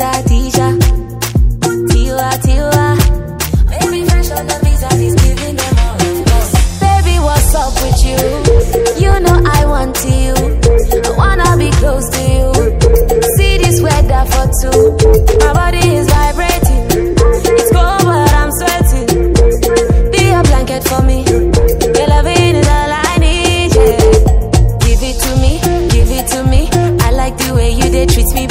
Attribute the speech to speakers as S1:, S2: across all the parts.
S1: visa, teacher. Tila. tiwa. Maybe fresh on the visa, he's giving them all Baby, what's up with you? You know I want you. I wanna be close to you. See this weather for two. My body is vibrating. It's cold, but I'm sweating. Be a blanket for me. Your loving is all I need. Yeah. Give it to me, give it to me. I like the way you treat me.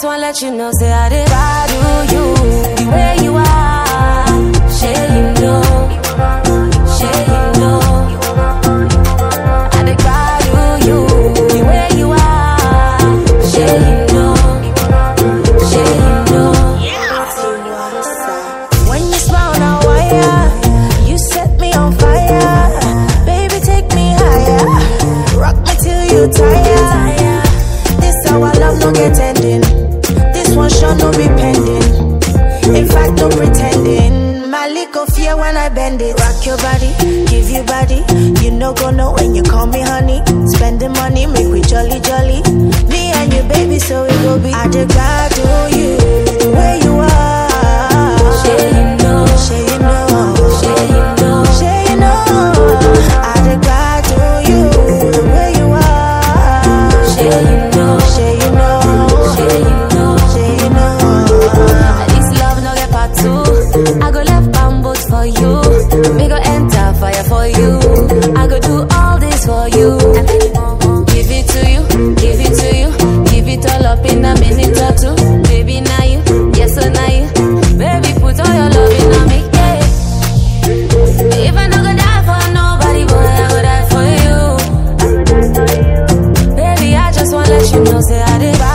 S1: just wanna let you know, say I did do you the way you are. Say you know, say you know. I do you the way you are. Say you know, say you know.
S2: When you smile wire, you set me on fire. Baby, take me higher. Rock me till you This our love no get ending no, not repenting. In fact, no pretending. My little fear when I bend it. Rock your body, give you body. You no go know when you call me honey. Spending money, make we jolly jolly. Me and your baby, so it will be. I just got to
S1: you. Give it to you, give it to you, give it all up in a minute or two. Baby, now you, yes or now you. Baby, put all your love in on me, yeah. If I no go die for nobody, boy, I go die for you. Baby, I just wanna let you know, say I did.